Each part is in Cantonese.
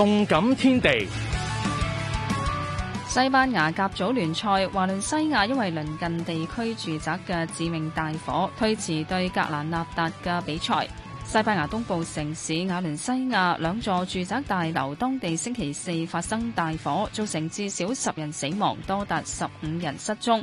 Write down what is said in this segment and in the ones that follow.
動感天地。西班牙甲組聯賽，華倫西亞因為鄰近地區住宅嘅致命大火，推遲對格蘭納達嘅比賽。西班牙東部城市華倫西亞兩座住宅大樓，當地星期四發生大火，造成至少十人死亡，多達十五人失蹤。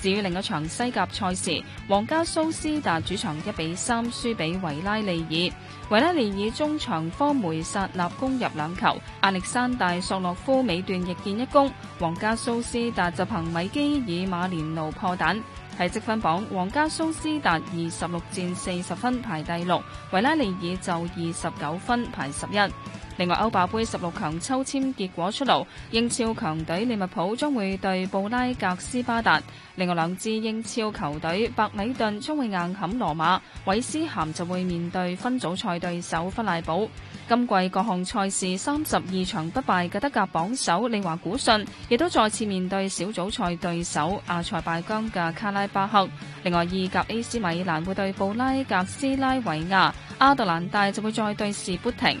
至於另一場西甲賽事，皇家蘇斯達主場一比三輸俾維拉利爾。維拉利爾中場科梅薩納攻入兩球，亞歷山大索洛夫尾段亦建一功。皇家蘇斯達就憑米基爾馬連奴破蛋。喺積分榜，皇家蘇斯達二十六戰四十分排第六，維拉利爾就二十九分排十一。另外歐霸杯十六強抽籤結果出爐，英超強隊利物浦將會對布拉格斯巴達。另外兩支英超球隊，白米頓將會硬撼羅馬，韋斯咸就會面對分組賽對手弗賴堡。今季各項賽事三十二場不敗嘅德甲榜首利華古遜，亦都再次面對小組賽對手阿塞拜疆嘅卡拉巴克。另外意甲 AC 米蘭會對布拉格斯拉維亞，阿德蘭大就會再對士砵亭。